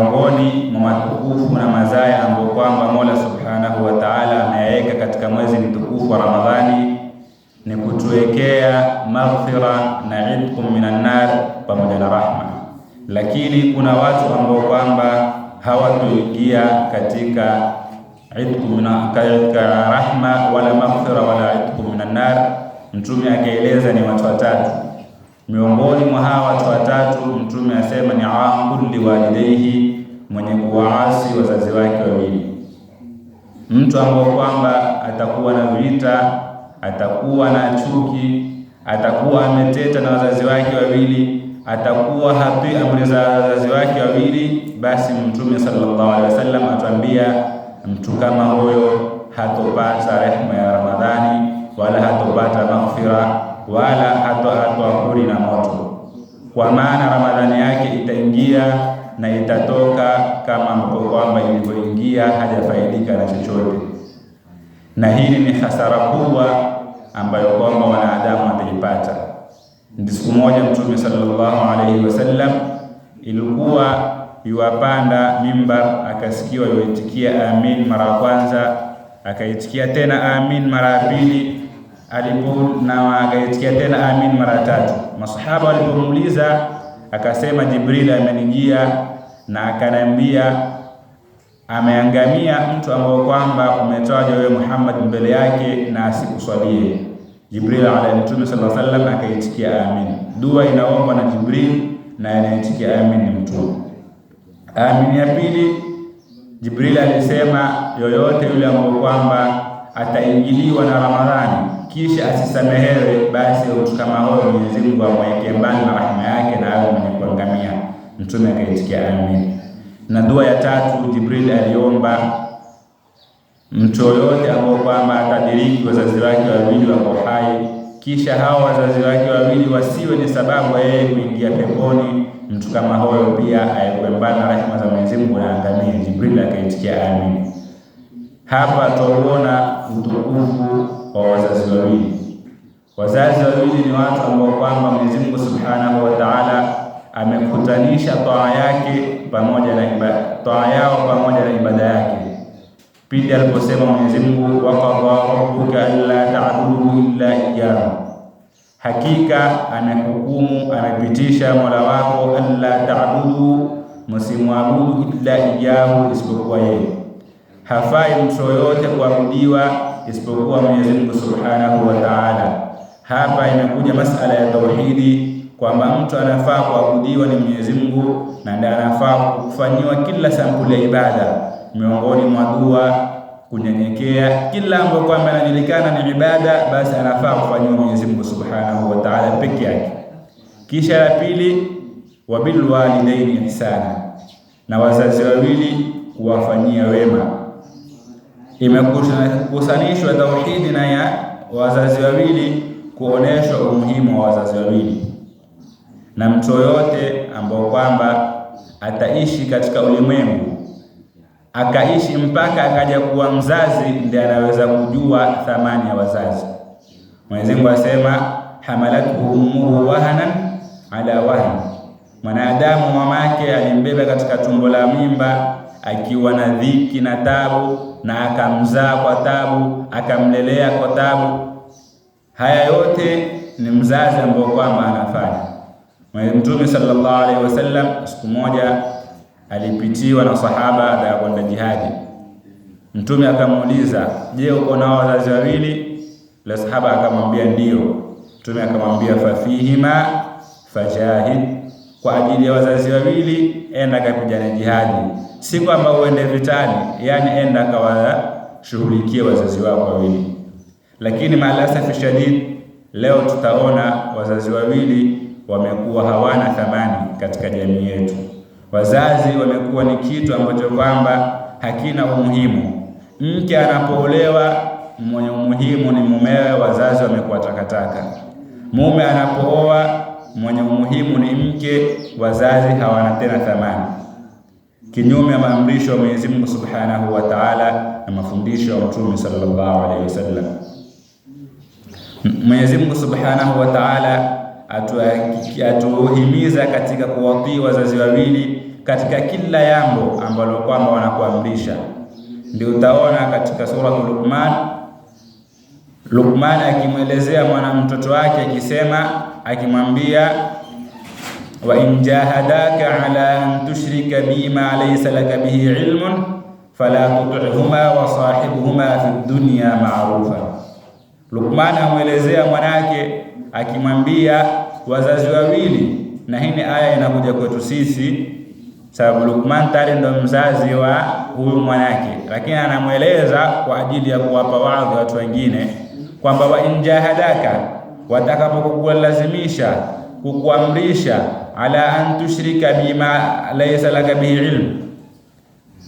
Miongoni mwa matukufu na mazaya ambayo kwamba Mola Subhanahu wa Ta'ala ameyaweka katika mwezi mtukufu wa Ramadhani ni kutuwekea maghfira na idkum minan nar pamoja na rahma, lakini kuna watu ambao kwamba hawatuingia katika idkum katika rahma wala maghfira wala idkum minan nar. Mtume akaeleza ni watu watatu miongoni mwa hawa watu watatu Mtume asema ni aqul liwalidayhi mwenye kuwaasi wazazi wake wawili, mtu ambao kwamba atakuwa na vita, atakuwa na chuki, atakuwa ameteta na wazazi wake wawili, atakuwa hapi amri za wazazi wake wawili, basi Mtume sallallahu alaihi wasallam atuambia mtu kama huyo hatopata rehema ya Ramadhani wala hatopata maghfira wala hatoatwahuri na moto, kwa maana Ramadhani yake itaingia na itatoka kama ambavyo kwamba ilivyoingia, hajafaidika na chochote. Na hili ni hasara kubwa ambayo kwamba wanadamu wataipata. Ndi siku moja Mtume sallallahu alaihi wasallam ilikuwa yuwapanda mimbar, akasikiwa yuitikia amin mara ya kwanza, akaitikia tena amin mara ya pili alipo na akaitikia tena amin mara tatu. Masahaba walipomuuliza Akasema, Jibrili amenijia na akaniambia, ameangamia mtu ambao kwamba umetajwa wewe Muhammad mbele yake na asikuswalie. Jibril alayhi mtume sallallahu alayhi wasallam akaitikia amin. Dua inaombwa na Jibril na anaitikia amin ni mtume. Amin ya pili, Jibril alisema, yoyote yule ambao kwamba ataingiliwa na Ramadhani kisha asisamehewe, basi mtu kama huyo Mwenyezi Mungu amweke mbali na rahma yake na awe mwenye kuangamia. Mtume akaitikia amin. Na dua ya tatu, Jibril aliomba mtu yoyote ambao kwamba atadiriki wazazi wake wawili wako hai, kisha hao wazazi wake wawili wasiwe ni sababu yeye kuingia peponi, mtu kama huyo pia awekwe mbali na rahma za Mwenyezi Mungu na angamie. Jibril akaitikia amin. Hapa tuona utukufu kwa wazazi wawili. Wazazi wawili ni watu ambao kwamba Mwenyezi Mungu Subhanahu wa Ta'ala amekutanisha toa yake pamoja na ibada, toa yao pamoja na ibada yake, pindi aliposema Mwenyezi Mungu waqadaa rabbuka alla ta'budu illa iyyahu Hakika anahukumu amepitisha Mola wako, alla ta'budu, msimwabudu, illa iyahu, isipokuwa yeye. Hafai mtu yoyote kuabudiwa isipokuwa Mwenyezi Mungu Subhanahu wa Ta'ala. Hapa inakuja masala ya tauhidi kwamba mtu anafaa kuabudiwa ni Mwenyezi Mungu na ndiye anafaa kufanyiwa kila sampuli ya ibada, miongoni mwa dua kunyenyekea, kila ambapo kwamba anajulikana ni ibada, basi anafaa kufanyiwa Mwenyezi Mungu Subhanahu wa Ta'ala peke yake. Kisha la pili, wabil walidaini ihsana, na wazazi wawili kuwafanyia wema imekusanishwa tauhidi na ya wazazi wawili kuonyeshwa umuhimu wa wazazi wawili, na mtu yoyote ambao kwamba ataishi katika ulimwengu akaishi mpaka akaja kuwa mzazi, ndiye anaweza kujua thamani ya wazazi. Mwenyezi Mungu asema hamalathu ummuhu wahanan ala wahan, mwanadamu mamake alimbeba katika tumbo la mimba akiwa na dhiki na tabu, na akamzaa kwa tabu, akamlelea kwa tabu. Haya yote ni mzazi ambao kwamba anafanya. Mtume sallallahu alaihi wasallam siku moja alipitiwa na sahaba baada ya kwenda jihadi. Mtume akamuuliza, je, uko na wazazi wawili? La sahaba akamwambia ndio. Mtume akamwambia fafihima fajahid, kwa ajili ya wazazi wawili enda kapigane jihadi, si kwamba uende vitani, yani enda kawashughulikie wazazi wako wawili. Lakini maalasafi shadid, leo tutaona wazazi wawili wamekuwa hawana thamani katika jamii yetu. Wazazi wamekuwa ni kitu ambacho kwamba hakina umuhimu. Mke anapoolewa mwenye umuhimu ni mumewe, wazazi wamekuwa takataka. Mume anapooa mwenye umuhimu ni mke, wazazi hawana tena thamani, kinyume ya maamrisho ya Mwenyezi Mungu Subhanahu wa Ta'ala na mafundisho ya Mtume sallallahu alaihi wasallam. Mwenyezi Mungu Subhanahu wa Ta'ala atuhimiza katika kuwatii wazazi wawili katika kila jambo ambalo kwamba wanakuamrisha. Ndio utaona katika Suratu Luqman, Luqman akimwelezea mwana mtoto wake akisema akimwambia wa in jahadaka ala an tushrika bima laysa laka bihi ilmun fala tutihuma wa sahibuhuma fi dunya ma'rufa. Luqman amwelezea mwanake akimwambia wazazi wawili, na hii ni aya inakuja kwetu sisi sababu Luqman tayari ndo mzazi wa huyu mwanake, lakini anamweleza kwa ajili ya kuwapa wadhi watu wengine kwamba wa in jahadaka watakapokulazimisha kukuamrisha ala an tushrika bima laysa laka bihi ilm.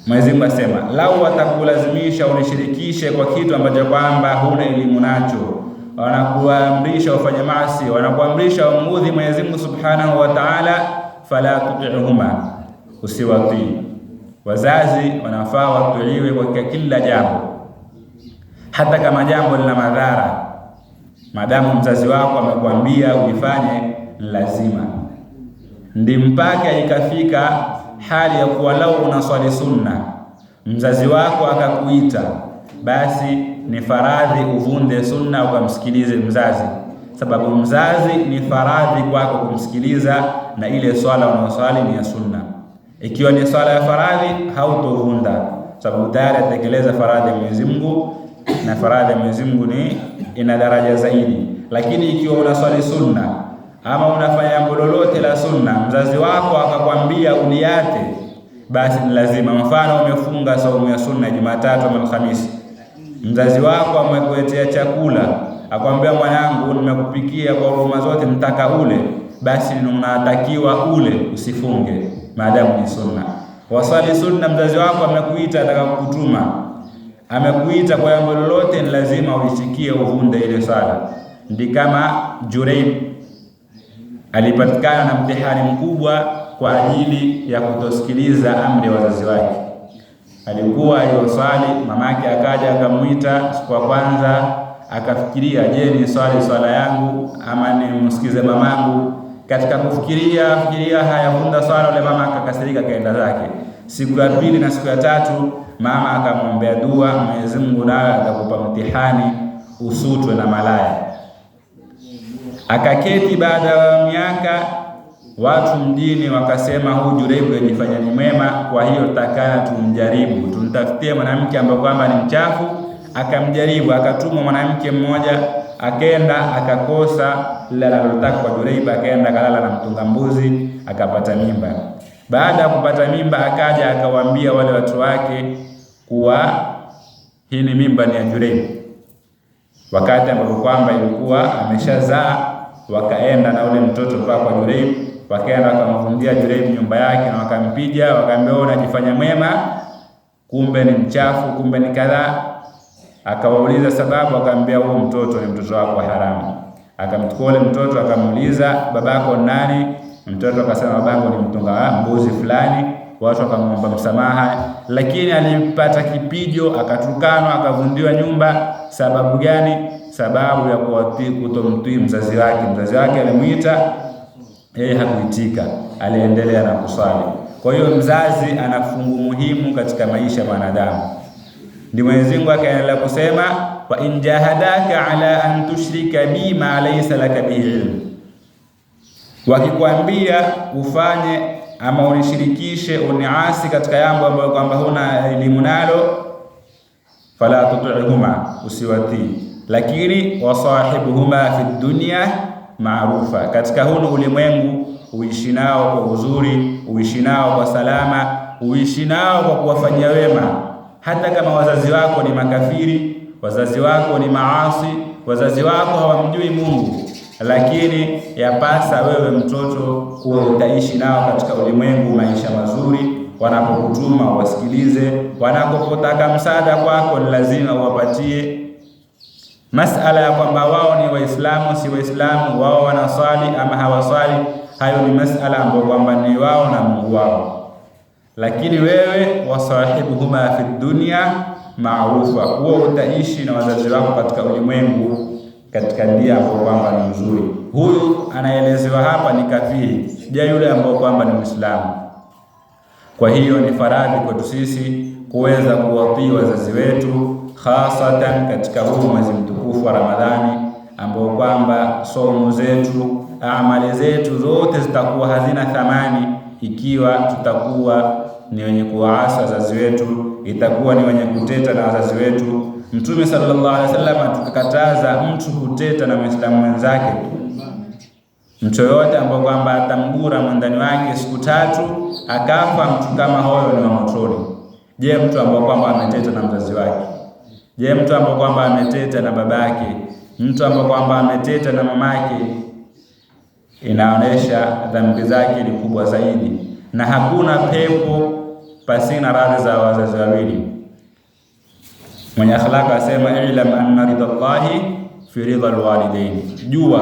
Mwenyezi Mungu asema, lau watakulazimisha unishirikishe kwa kitu ambacho kwamba huna elimu nacho, wanakuamrisha ufanye maasi, wanakuamrisha umudhi Mwenyezi Mungu subhanahu wa ta'ala, fala tuti'huma, usiwatii. Wazazi wanafaa watuiwe kwa kila jambo, hata kama jambo lina madhara madamu mzazi wako amekwambia uifanye lazima. Ndi mpaka ikafika hali ya kuwa lau unaswali sunna mzazi wako akakuita, basi ni faradhi uvunde sunna ukamsikilize mzazi, sababu mzazi ni faradhi kwako kumsikiliza, na ile swala unaoswali ni ya sunna. Ikiwa ni swala ya faradhi hautovunda, sababu tayari atekeleza faradhi ya Mwenyezi Mungu, na faradhi ya Mwenyezi Mungu ni ina daraja zaidi. Lakini ikiwa unaswali sunna ama unafanya jambo lolote la sunna, mzazi wako akakwambia uliate, basi ni lazima. Mfano, umefunga saumu ya sunna Jumatatu ama Alhamisi, mzazi wako amekuletea chakula akwambia, mwanangu, nimekupikia kwa huruma zote, mtaka ule, basi unatakiwa ule, usifunge maadamu ni sunna. Waswali sunna, mzazi wako amekuita, atakakutuma amekuita kwa jambo lolote, ni lazima uisikie, uvunde ile sala. Ndi kama Jureib alipatikana na mtihani mkubwa kwa ajili ya kutosikiliza amri ya wazazi wake. Alikuwa aliyoswali, mamake akaja akamwita siku ya kwanza, akafikiria, je, ni swali swala yangu ama nimsikize mamangu? Katika kufikiria fikiria hayakunda swala, ule mama akakasirika, kaenda zake. Siku ya pili na siku ya tatu mama akamwombea dua, Mwenyezi Mungu naye atakupa mtihani usutwe na malaya. Akaketi baada ya miaka, watu mjini wakasema, huyu Jureibu yajifanya ni mwema, kwa hiyo takana tumjaribu, tumtafutie mwanamke ambaye kwamba ni mchafu. Akamjaribu, akatumwa mwanamke mmoja, akenda akakosa lile analotaka kwa Jureibu, akaenda akalala na mtunga mbuzi, akapata mimba. Baada ya kupata mimba, akaja akawaambia wale watu wake kuwa hii ni mimba ni ya wakati ambapo kwamba ilikuwa ameshazaa. Wakaenda na ule mtoto kwa kwa Jurayj, wakaenda wakamfungia Jurayj nyumba yake na wakampija wakaambia unajifanya mwema, kumbe ni mchafu, kumbe ni kadhaa. Akawauliza sababu, akaambia huo mtoto ni mtoto wako haramu. Akamchukua ule mtoto akamuuliza, babako nani? Mtoto akasema babangu ni mtunga ah, mbuzi fulani, watu wakamwomba msamaha, lakini alipata kipijo, akatukanwa, akavundiwa nyumba. Sababu gani? Sababu ya kutomtii mzazi wake. Mzazi wake alimwita, yeye hakuitika, aliendelea na kusali. Kwa hiyo mzazi ana fungu muhimu katika maisha ya mwanadamu. Ndi Mwenyezi Mungu akaendelea kusema, wa in jahadaka ala an tushrika bi ma laysa laka bihi wakikwambia ufanye ama unishirikishe uniasi katika jambo ambayo kwamba huna elimu nalo, fala tuti'huma, usiwatii. Lakini wasahibuhuma fi dunya maarufa, katika hunu ulimwengu uishi nao kwa uzuri, uishi nao kwa salama, uishi nao kwa kuwafanyia wema, hata kama wazazi wako ni makafiri, wazazi wako ni maasi, wazazi wako hawamjui Mungu lakini yapasa wewe mtoto uwe utaishi nao katika ulimwengu maisha mazuri. Wanapokutuma wasikilize, wanapopotaka msaada kwako ni lazima uwapatie. Masala ya kwamba wao ni Waislamu si Waislamu, wao wanaswali ama hawaswali, hayo ni masala ambayo kwamba ni wao na Mungu wao, lakini wewe wasahibuhuma fi dunya maarufa, huo utaishi na wazazi wako katika ulimwengu katika dia ambao kwamba ni mzuri. Huyu anaelezewa hapa ni kafiri, sija yule ambao kwamba ni Muislamu. Kwa hiyo ni faradhi kwetu sisi kuweza kuwatii wazazi wetu, hasatan katika huu mwezi mtukufu wa Ramadhani ambao kwamba somo zetu, amali zetu zote zitakuwa hazina thamani ikiwa tutakuwa ni wenye kuwaasa wazazi wetu, itakuwa ni wenye kuteta na wazazi wetu Mtume sallallahu alaihi wasallam akakataza mtu kuteta na Muislamu mwenzake, mtu yoyote ambaye kwamba atamgura mwandani wake siku tatu akafa, mtu kama huyo ni wa motoni. Je, mtu ambaye kwamba ameteta na mzazi wake? Je, mtu ambaye kwamba ameteta na babake? Mtu ambaye kwamba ameteta na mamake, inaonesha dhambi zake ni kubwa zaidi, na hakuna pepo pasina radhi za wazazi wawili. Mwenye akhlaq asema ilam anna ridha llahi fi ridha alwalidain, jua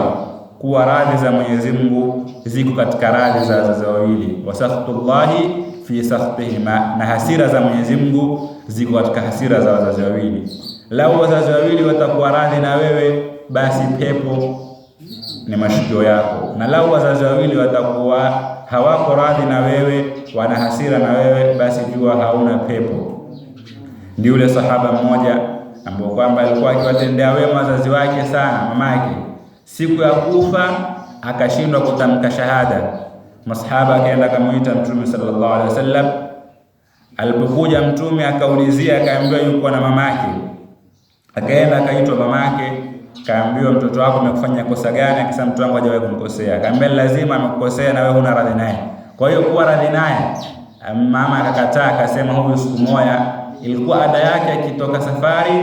kuwa radhi za Mwenyezi Mungu ziko katika radhi za wazazi wawili. Wasakhtu llahi fi sakhtihima, na hasira za Mwenyezi Mungu ziko katika hasira za wazazi wawili. Lau wazazi wawili watakuwa radhi na wewe, basi pepo ni mashukio yako, na lau wazazi wawili watakuwa hawako radhi na wewe, wana hasira na wewe, basi jua hauna pepo. Ni yule sahaba mmoja ambaye kwamba alikuwa akiwatendea wema wazazi wake sana, mamake. Siku ya kufa akashindwa kutamka shahada, masahaba akaenda akamuita Mtume sallallahu alaihi wasallam. Alipokuja Mtume akaulizia, akaambiwa yuko na mamake. Akaenda akaitwa mamake, kaambiwa mtoto wako amekufanya kosa gani? Akisema, mtoto wangu hajawahi kumkosea. Akaambia lazima amekukosea na wewe huna radhi naye, kwa hiyo kuwa radhi naye. Mama akakataa, akasema huyu siku moja ilikuwa ada yake akitoka safari,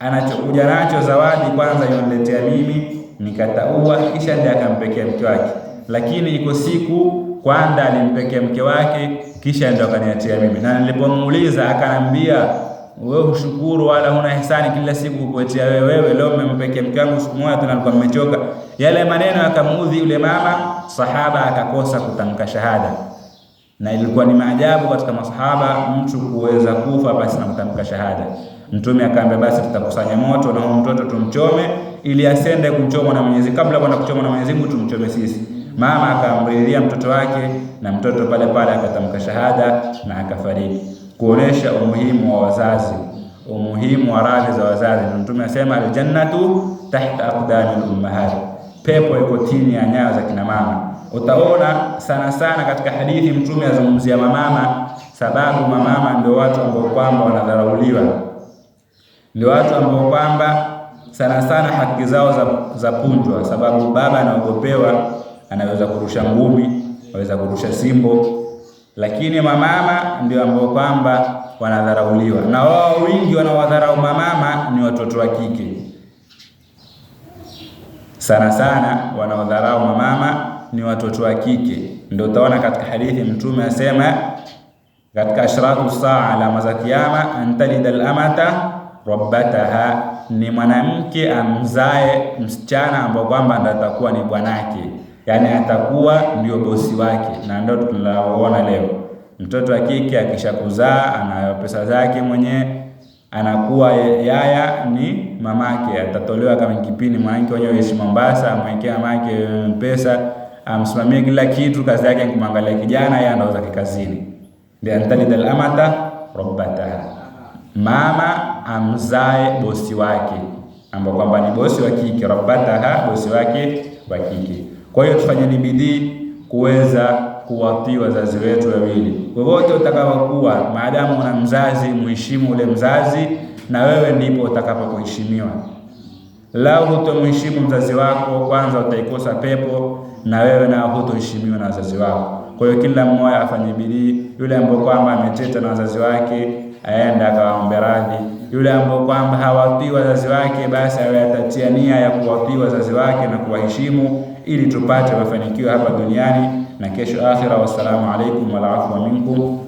anachokuja nacho zawadi kwanza yoniletea mimi, nikataua, kisha ndiye akampekea mke wake. Lakini iko siku kwanza alimpekea mke wake, kisha ndio akaniletea mimi, na nilipomuuliza akaniambia wewe ushukuru wala huna hisani, kila siku kukuletea wewe wewe, leo mmempekea mke wangu siku moja tu, nilikuwa nimechoka. Yale maneno yakamuudhi yule mama sahaba, akakosa kutamka shahada na ilikuwa ni maajabu katika masahaba mtu kuweza kufa basi na kutamka shahada. Mtume akaambia basi tutakusanya moto na huyu mtoto tumchome, ili asende kumchomwa na Mwenyezi kabla bwana kuchomwa na Mwenyezi Mungu tumchome sisi. Mama akaamrilia mtoto wake, na mtoto pale pale akatamka shahada na akafariki, kuonesha umuhimu wa wazazi, umuhimu wa radhi za wazazi. Na Mtume asema aljannatu tahta aqdamil ummahat, pepo iko chini ya nyayo za kina mama. Utaona sana sana katika hadithi Mtume azungumzia mamama, sababu mamama ndio watu ambao kwamba wanadharauliwa, ndio watu ambao kwamba sana sana haki zao za, za punjwa, sababu baba anaogopewa, anaweza kurusha ngumi, anaweza kurusha simbo, lakini mamama ndio ambao kwamba wanadharauliwa, na wao wingi wanaowadharau mamama ni watoto wa kike sana sana wanaodharau watoto wa kike. Ndio utaona katika hadithi Mtume asema katika ashratu saa, alama za kiyama, antalida al-amata rabbataha, ni mwanamke amzae msichana ambao kwamba ndo atakuwa ni bwanake, yani atakuwa ndio bosi wake, na ndio tunaoona leo mtoto wa kike akishakuzaa ana pesa zake mwenyewe, anakuwa yaya ni mamake, atatolewa kama kipindi mwanamke wenyewe ishi Mombasa, amwekea mamake pesa amsimamie kila kitu, kazi yake kumwangalia kijana, yeye anauza kikazini. Liantalida alamata rabbataha, mama amzae bosi wake ambao kwamba ni bosi wa kike, rabbataha, bosi wake wa kike. Kwa hiyo ni bidii kuweza kuwatii wazazi wetu wawili. wewote utakapokuwa, maadamu una mzazi, muheshimu ule mzazi, na wewe ndipo utakapokuheshimiwa. Lau hutomheshimu mzazi wako, kwanza utaikosa pepo na wewe nao hutoheshimiwa na wazazi wako. Kwa hiyo kila mmoja afanye bidii, yule ambaye kwamba ameteta na wazazi wake aenda akawaombe radhi, yule ambaye kwamba hawatii wazazi wake, basi awatatia nia ya kuwatii wazazi wake na kuwaheshimu, ili tupate mafanikio hapa duniani na kesho akhira. Wassalamu alaikum rahmatullahi wa minkum.